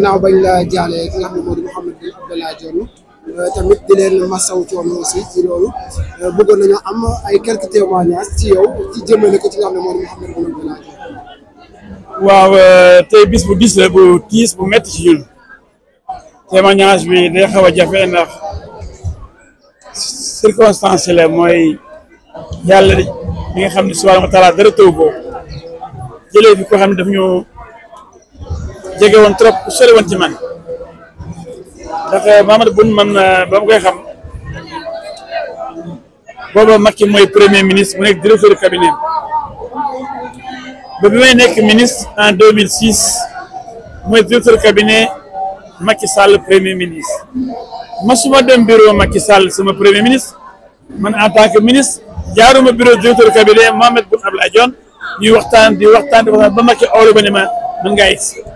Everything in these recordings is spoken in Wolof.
gannaaw bañ la jaalee ki nga xam ne moo di Mouhamed bin Abdallah Dione tamit di leen masaw coono aussi ci loolu bëggoon nañoo am ay quelques témoignages ci yow ci jëmale ko ci nga xam ne moo di Mouhamed bin Abdallah Dione waaw tey bis bu gis la bu tiis bu metti ci ñun témoignage bi day xaw a jafe ndax circonstance la mooy yàlla mi nga xam ne subhanahu wa taala dara taw ko jëlee fi ko xam ne daf ñu jege woon trop ku sori woon ci man ndax eh, man eh, ba ma koy xam booba Macky mooy premier ministre mu nekk directeur de cabinet ba bi may nekk ministre en 2006 mooy directeur de cabinet Macky Sall premier ministre masuma dem bureau Macky sal sama premier ministre man en tant que ministre jaar bureau directeur de cabinet Mahammed Boun Abdallah Dionne ñuy waxtaan di waxtaan di waxtaan ba Macky oolu ba ne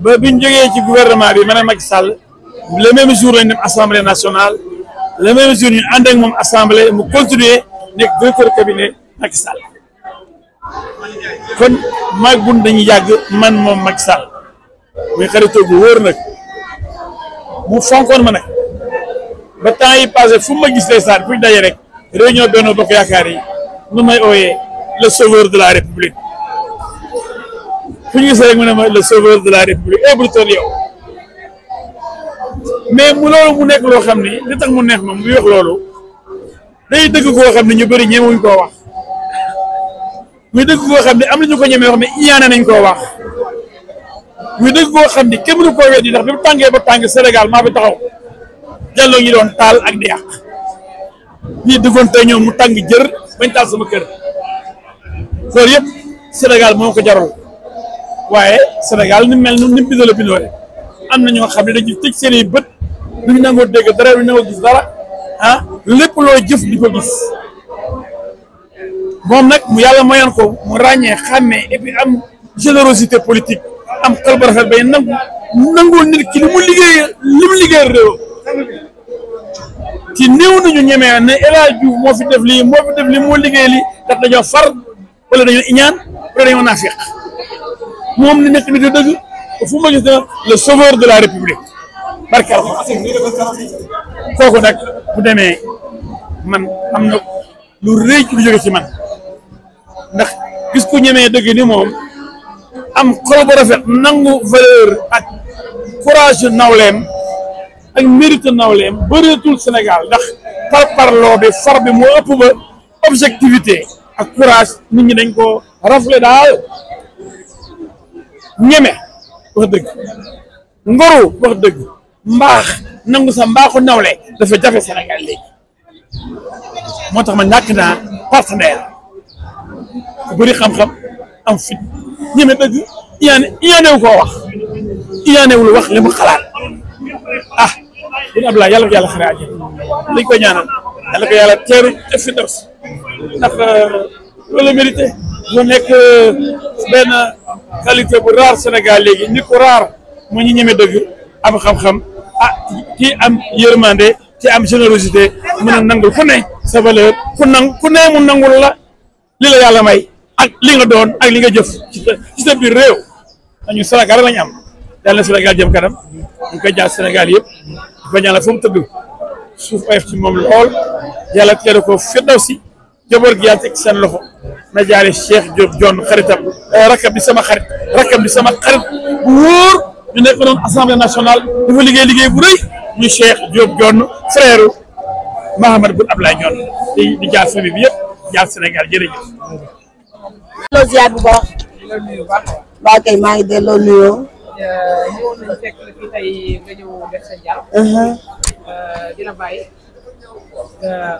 ba biñ jógee ci gouvernement bi man ak Macky Sall le même jour lañ dem assemblée nationale le même jour ñu ànd ak moom assemblée mu continuer nekk directeur cabinet Macky kon maag bun dañuy yàgg man moom Macky Sall muy xaritoo gu wóor nag mu fonkoon ma nag ba temps yi fu ma gis les saan fu daje rek réunion Benno Bokk Yaakaar yi nu may ooyee le sauveur de la république fu ñu gisee rek mu ne ma le sauveur de la république eh bul toll yow mais mu loolu mu nekk loo xam ni li tax mu neex ma mu wax loolu day dëgg koo xam ne ñu bëri ñemewuñ koo wax muy dëgg koo xam ne am na ko ñemee wax mais iñaane nañ koo wax muy dëgg ndax bi mu ba tàng Sénégal maa fi taxaw jàlloo ñi doon taal ak di yàq ñii dëggoon tey ñoom mu tàng jër bañ taal sama kër Sénégal waaye Sénégal ni mel noonu ni mu bindoo la am na ñoo xam ne dañuy tëj seen i bët duñu nangoo dégg dara duñu nangoo gis dara ah lépp loo jëf di ko gis moom nag mu yàlla mayoon ko mu ràññee xàmmee et puis am générosité politique am xel bu rafet bay nangu nangoo nit ki li mu liggéey li mu liggéey réew ci néew nañu ñemee ne El Hadj moo fi def lii moo fi def lii moo liggéey lii daf dañoo far wala dañoo iñaan wala dañoo naafiq moom ni nekk nit a fu ma le sauveur de la république barke kooku nag bu demee man am na lu rëy lu jóge man ndax gis ku ñemee dëgg ni moom am xol bu rafet nangu valeur ak courage nawleem ak mérite nawleem bëreetul Sénégal ndax par parloo bi far bi moo ba objectivité ak courage nit ñi dañ ko rafle daal ñeme wax dëgg ngoru wax dëgg mbaax nangu sa mbaaxu nawle dafa jafe Sénégal léegi moo tax ma ñàkk naa partenaire ku bëri xam-xam am fit ñeme dëgg iyaane iyaanewu koo wax iyaanewul wax li mu ah bu ñu Abdoulaye yàlla ko yàlla xaree àjjana dañ koy ñaanal yàlla ko yàlla teeru def si ndax euh, mu nekk euh, benn qualité bu raar Sénégal léegi nit ku raar mu ñu ñeme dëgg am xam-xam ah kii am yërmande ci am générosité mu a nangul ku ne sa valeur ku ku ne mu nangul la li la yàlla may ak li nga doon ak li nga jëf ci sa biir réew dañu Sénégal lañu am yàlla na Sénégal jëm kanam ñu koy jaar Sénégal yëpp bañaa la fu mu tëdd suuf oyof ci lool yàlla teeru ko firdaw si jaboor gi yàlla teg seen loxo na jaare Cheikh Diop John xaritam eh, rakkam di sama xarit rakkam di sama xarit bu wóor ñu nekk noonu assemblée nationale dafa liggéey liggéey bu rëy ñu Cheikh Diop John frère Mahamad Boun Abdallah Dionne di jaar famille bi yëpp jaar Sénégal jërëjëf. delloo ziar bu kay maa ngi delloo nuyoo. Euh,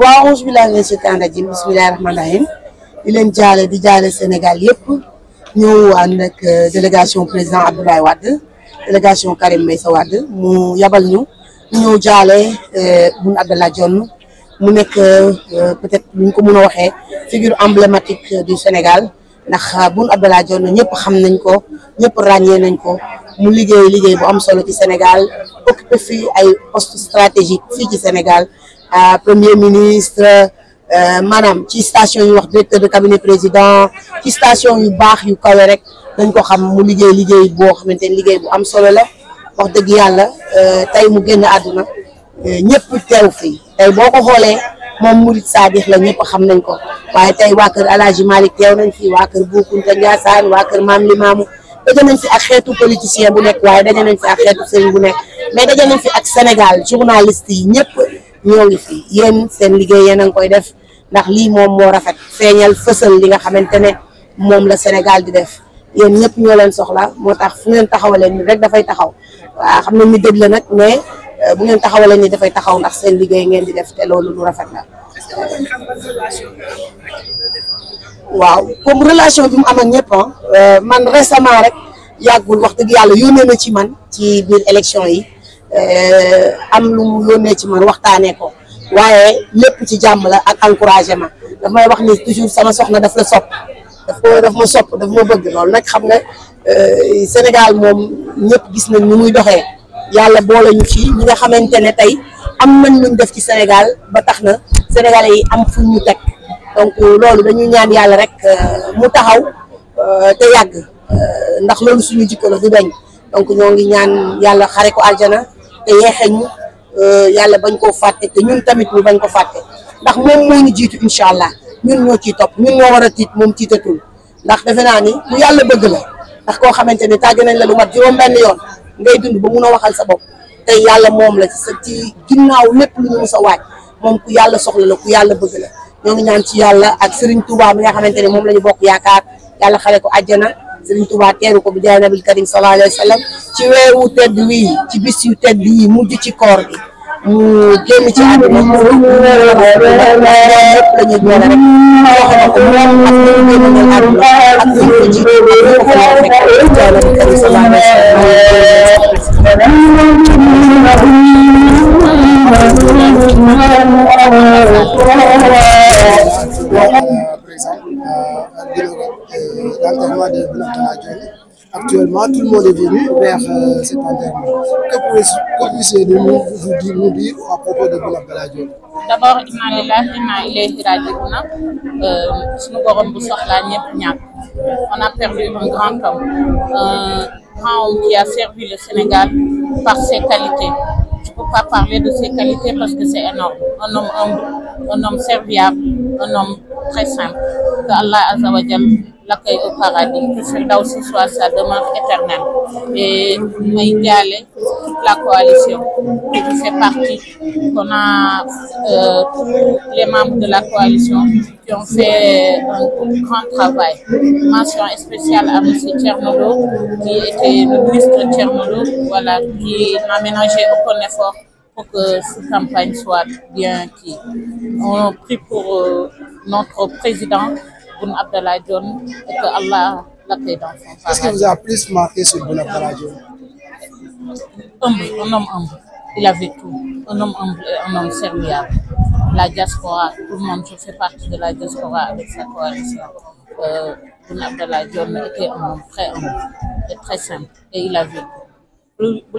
waaw onze billahi mina seytaani rajim bismillahi rahmani rahim di leen jaale di jaale Sénégal yëpp ñëw ànd ak euh, délégation président Abdoulaye Wade délégation Karim Meïssa Wade mu yabal ñu ñu ñëw jaale euh, Boun Abdallah Dionne mu nekk euh, peut-être luñ ko mën a waxee figure emblématique du Sénégal ndax Boun Abdallah Dionne ñëpp xam nañ ko ñëpp ràññee nañ ko mu liggéey liggéey bu am solo ci Sénégal occupé fii ay poste stratégique fii ci Sénégal premier ministre euh, madame ci station yu wax directeur de cabinet président ci station yu bax yu kawé rek dañ ko xam mu liggéey liggéey bo xamante ni liggéey bu am solo la wax dëgg euh tay mu génn aduna euh, ñëpp teew fii tey boo ko xoolee moom Murid la ñëpp xam nañ ko waye tay waa kër El Hadj Malick nañ fi waa kër Boukounta Ndiassane waa kër mam Limaamu daje nañ ci ak xétu politicien bu nek waye daje nañ ci ak xétu sëriñ bu nek mais daje nañ ci ak Sénégal journaliste yi ñëpp ñoo ngi fi yéen seen liggéey yéen a ngi koy def ndax lii moom moo rafet feeñal fësal li nga xamante ne moom la Sénégal di def yéen ñëpp ñoo leen soxla moo tax fu ngeen taxawalee ni rek dafay taxaw waa xam ne ñu dégg la nag mais euh, bu ngeen taxawalee ni dafay taxaw ndax seen liggéey ngeen di def te loolu lu rafet la. waaw comme relation bi mu am ak euh, man récemment rek yàggul wax dëgg yàlla yónnee na ci man ci biir élection yi. am lu mu yónnee ci man waxtaanee ko waaye lépp ci jàmm la ak encouragement daf may wax ni toujours sama soxna daf la sopp daf ko daf ma sopp daf ma bëgg loolu nag xam nga euh, Sénégal moom ñëpp gis nañ ni muy doxee yàlla boole ñu ci ñi nga xamante ne tey am nañ luñ def ci Sénégal ba tax na sénégalais yi am fu ñu teg donc euh, loolu dañuy ñaan yàlla rek euh, mu taxaw te yàgg ndax loolu suñu jikko la du dañ donc ñoo ngi ñaan yàlla xare ko aljana te yeexee ñu yàlla bañ koo fàtte te ñun tamit ñu bañ ko fàtte ndax moom moo ñu jiitu incha allah ñun ñoo ciy topp ñun ñoo war a tiit moom tiitatul ndax defe naa ni lu yàlla bëgg la ndax koo xamante ni tàgg nañ la lu mat juróom benn yoon ngay dund ba mun a waxal sa bopp tey yàlla moom la ci sa ci ginnaaw lépp lu ñu mus a waaj moom ku yàlla soxla la ku yàlla bëgg la ñoo ngi ñaan ci yàlla ak Serigne Touba mi nga xamante ne moom la ñu bokk yaakaar yàlla xale ko àjjana ko ruko bijana nabil karim sallallahu alaihi wasallam ci wéru tedd wi ci bis yu tedd yi mujj ci koor bi mu génn ci àdduna mu lañu doole rek wax na ko moom ak ñu ñu ñu ñu ñu ñu ñu ñu ko la fekk exemple, l'enterrement euh, euh, de Bounakanagion. Actuellement, tout le monde est venu vers euh, cet enterrement. Que pouvez-vous nous dire à propos de Bounakanagion D'abord, Imanillah, Imanillah, Hiradiouna, Sunugorom Boussoukhla, Nyep On a perdu un grand homme, un grand homme qui a servi le Sénégal par ses qualités. Je ne peux pas parler de ses qualités parce que c'est énorme. Un homme humble un homme serviable, un homme très simple. Que Allah Azawajal l'accueille au paradis, que aussi soit sa demande éternelle. Et Maïdiale, toute la coalition qui fait partie, qu'on a euh, les membres de la coalition qui ont fait un grand travail. Mention spéciale à M. Tchernolo, qui était le ministre Tchernolo, voilà, qui n'a ménagé aucun effort pour que cette campagne soit bien qui. On prie pour euh, notre président, Boun Abdallah John, et que Allah l'appelle dans son Qu'est-ce qui vous a plus marqué sur Boun Abdallah John un homme humble. Il avait tout. Un homme humble et un homme serviable. La diaspora, tout le monde, je fais partie de la diaspora avec sa coalition. Euh, Boun Abdallah John était un homme très humble et très simple. Et il avait tout. Vous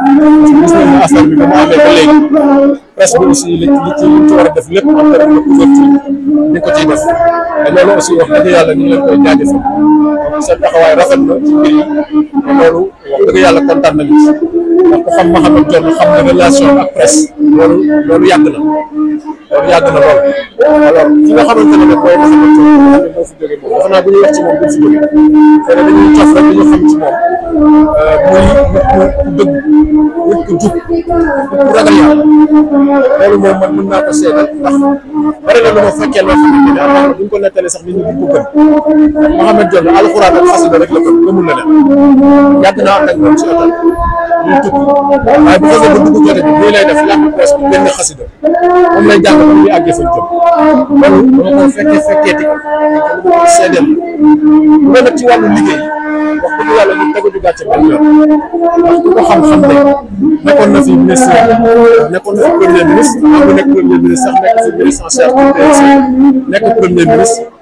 gis nañ ne affaire bi ba mu amee ba léegi presse bi li ci li ci war a def lépp en terme de couverture ko ciy def te loolu aussi wax dëgg yàlla ñu ngi leen koy jaajëfal seen taxawaay rafet na ci mbir yi loolu wax dëgg yàlla kontaan na relation ak presse loolu loolu yàgg na loolu na lool alors ki nga xamante ne nag mooy xam ci moom euh, muy nit ku dëgg nit ne la yàgg naa ànd ak ñoom ci oto ñuy tukki waaye bu fekkee ba dugg jotee bi lii lay def làkk presse bu benn xasida moom lay jàng ba muy àggee fa jëm loolu dama ko fekkee fekkeeti ko dañ seedeel bu nag ci wàllu liggéey wax dëgg yàlla ñu tegu ju gàcce benn yoon ndax ku ko xam-xam ne nekkoon na fi ministre nekkoon na fi premier ministre am nekk premier ministre sax nekk fi ministre en charge nekk premier ministre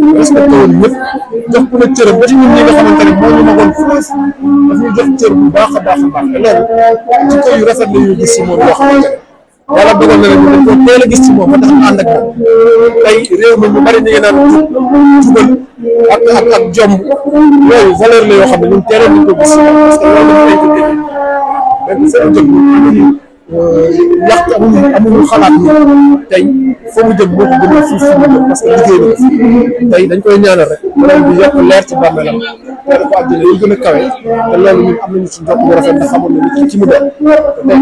respecté woon ñëpp jox ku ne cëram ci ñun ñi nga xamante ne moo ñu magoon France daf ñu jox cër bu baax a baax a baax te loolu ci kaw yu rafet la ñuy gis si moom yoo xamante ne yàlla dogal na ñu dañ ko teel a gis si moom ba tax ànd ak moom tey réew mi ñu bari ñu ngi naan jubal ak ak ak jomb loolu valeur la yoo xam ne ñun teel a ñu ko gis si moom parce que loolu dañ ko déggee même seen jëmm amuñu yàq amuñu amuñu xalaat ñu tey foo mu jëm moo ko gënal fii fii mu jëm parce que liggéey dañ koy ñaanal rek borom bi yokk leer ci bàmmeelam wala ko àjjana yu gën a kawe te loolu ci njort bu rafet nga xamoon ne nit ki mu doon te tey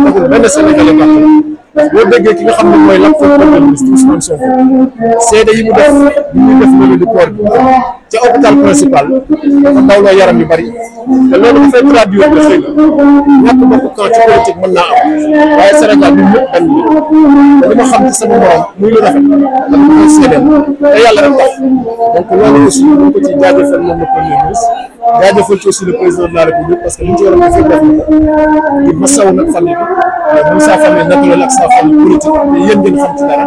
ki nga xam ne mooy lakk foofu Ousmane Sonko seede yi mu def ñu def loolu di koor bi ca hôpital principal dafa dawloo yaram yu bari te loolu dafay traduire que xëy na ñàkk bokk camp ci politique mën naa am waaye Sénégal bi te li ma xam ci sama morom muy lu rafet ak lu koy séedee te yàlla rek tax donc loolu aussi ñu ngi ko aussi le président de la république parce que li ñu ci waroon a def def na ko di masawu nag famille bi Moussa famille naturelle ak sa famille politique mais yéen ngeen xam ci dara.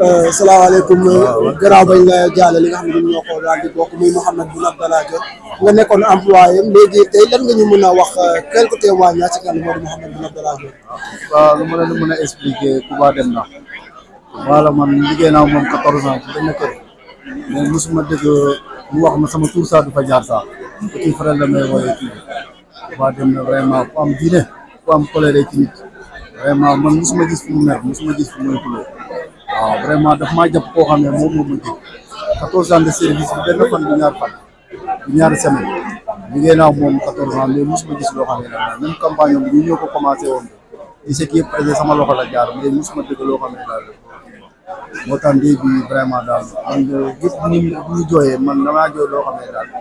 Euh, salaamaaleykum euh, gannaaw bañ la jaale li nga xam ne ñoo ko daal di bokk muy Mouhamed Boun Abdallah Dionne nga nekkoon employé léegi tey lan nga ñu mën a wax euh, quelques témoignages ci kan moo di Mouhamed Boun Abdallah Dionne. waaw lu ma leen mën a expliquer Touba dem na wala man liggéey naa moom 14 ans ci benn kër mais mosuma dégg mu wax ma sama tur saa du fa jaar saa petit frère la may wooyee kii Touba dem na vraiment ku am diine ku am vraiment man mosuma gis fu mu mer mosuma gis fu mu waaw vraiment daf maa jàpp koo xam ne moom moo mujj 14 ans de service bi benn fan bu ñaar fan bu ñaari semaine liggéey naa moom 14 ans mais mosuma gis loo xam ne daal même campagne bi ñoo ko commencé woon di ce qui sama loxo la jaar mais mosuma dëgg loo xam daal moo tax ndey bi vraiment daal man gëpp man damaa jooy loo xam ne daal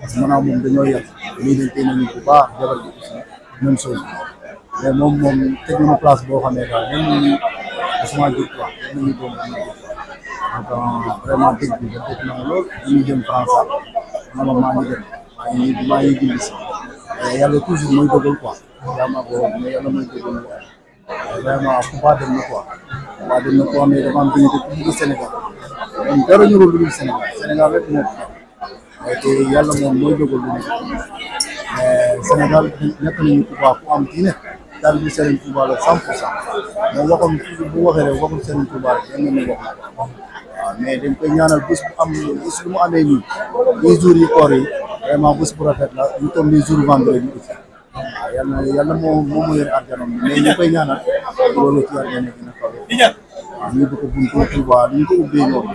parce que moom dañoo yàq lii dañ koy nañu bu baa jabar ji aussi même mais moom place boo xam ne daal ñoom ñoo ñu Ousmane Diouf quoi ñoom ñu na euh, ma lool ñu jëm France man ma maa ngi dem maa ngi maa ngi gindi si yàlla toujours mooy dogal ma ko mais yàlla mooy dogal vraiment Fapal dem na quoi Fapal dem na quoi mais dafa am béykat bu dugg Sénégal ñun daal bi Serigne Touba la cent pour cent moom waxoon bu waxee rek waxul Serigne Touba rek dañ leen wax waaw mais dañ koy ñaanal bés bu am bés bu mu amee nii les jours yi koor yi vraiment bés bu rafet la ñu toog les jours vendredi aussi waaw yal na yal na moo moo mu yore arjana mais ñu koy ñaanal loolu ci arjana dina kawe waaw ñu bëgg buntu Touba ñu ko ubbee noonu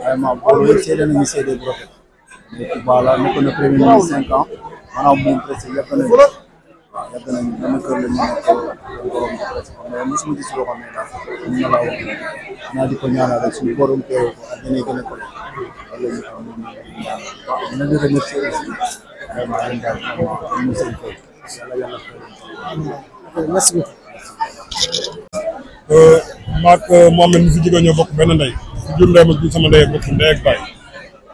vraiment boobu yëpp seede nañu seede bu rafet mais Touba la nekkoon yàgg nañu dama kër la ñu nekk si mais ne daal ñu di ko ñaanal rek suñu borom teew ko ak gën ko loolu ñu xam ne waaw na di remercier aussi ñu seen ko yàlla yàlla merci beaucoup euh, maak euh, jur ndey ma jur sama ndey ak bokk ndey ak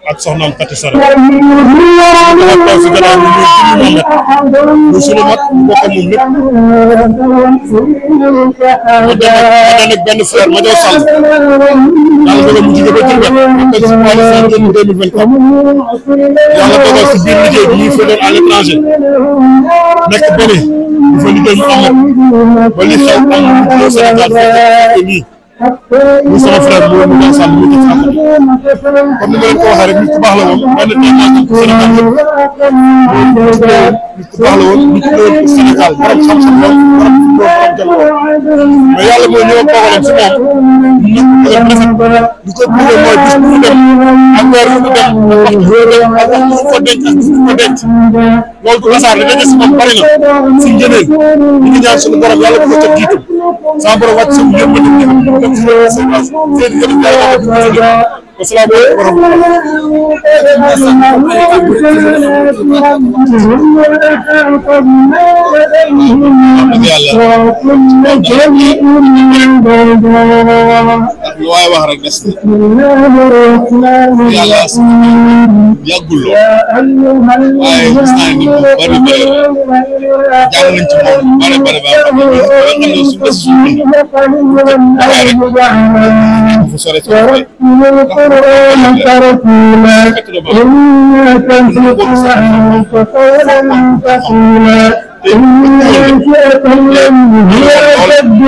ak soxnaam Fatou Sare. ak taw si gannaaw bi ñuy suñu Mohamed mu suñu mag mbokk moom lépp. ma dem ak benn frère ma jox Sall daanaka mu jóge ba Diourbel ak teg si wàllu fin deux mille vingt quatre yàlla dogal si biir liggéey bi ñuy fédéral à l'étranger nekk benn bu fa liggéey mu amoon ba li xew am Sénégal fekk lii. muy sama frère bu mu Sall mu ngi ci comme ni ma leen ko waxee rek nit ku baax la woon benn témoignage ko Sénégal yëpp nit ku baax la woon nit ku doon Sénégal borom xam-xam la borom mais yàlla mooy ñëw kooku dem si moom nit ku doon rafet li ko bëggee mooy bis bu dem ak weer bu dem ak waxtu bu dem ak waxtu bu ko denc ak waxtu bu ko denc loolu du lasaar li daje si moom bari na si njëriñ ñu ngi ñaan suñu borom yàlla bu ko ca jiitu saa borom wàcc sa yëpp influence. lu waay القرآن ترتيلا إنا تنزلناه قولا ثقيلا إن أنشأت الذي هي أشد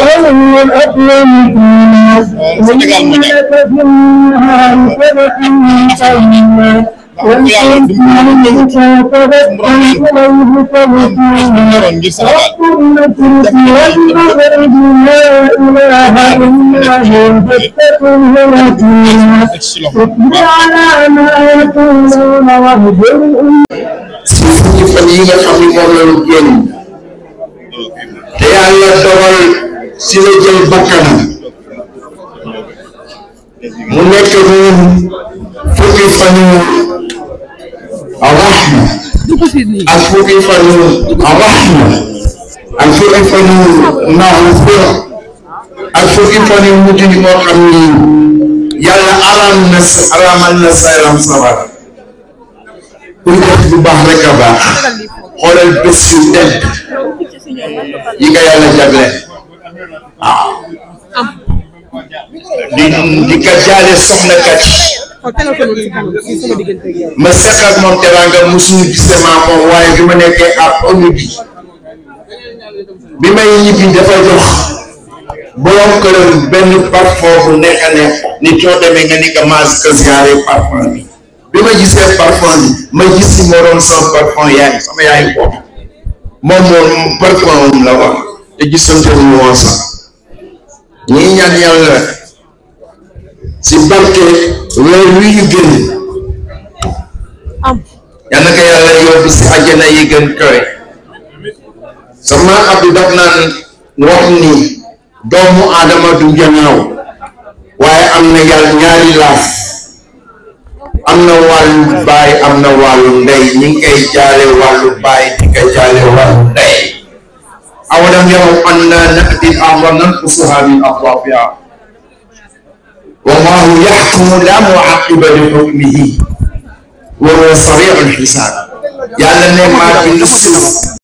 قولا من أقوم قيلا وإن لك في النهار سبحا قولا ونسيت من تابت أنه قبض وقمة والمغرب لا إله إلا هو فاتقوا الوتيرة اقضي على ما يقولون واهجرهم suñu fan yi nga xam ne moom lañu génn te yàlla dogal si la jël bakkan mu nekk ñun fukki fan الرحمة أشوف الرحمة أشوف المغفرة أشوف المجد محمد yàlla alam na alamal na sayram sawar kuy def bu baax rek a baax xoolal bés yu tedd yi nga yàlla jagle waaw di di ka jaale soxna kat ma seq ak moom teraanga mosuñu gisee maa moom waaye bi ma nekkee ak onu bi bi may ñibbi dafa jox borom këram benn parfum bu neex neex ni coo demee nga ni ka maas ka ziare parfum bi bi ma gisee parfum bi ma gis si moroom sama parfum yaay sama yaay bopp moom moom parfum la wax te gis sante mu woon sax ñii ñaan si barke weer wi ñu génn yàlla ko yàlla yóbbu si àjjana yi gën kawe sama abdu daf wax ni doomu aadama du am na ñaari laaf am na wàllu baay am ndey ñi ngi koy jaale wàllu baay di koy jaale wàllu ndey awalam yaw والله يحكم لا معقب لحكمه وهو سريع الحساب يعلم ما في النصوص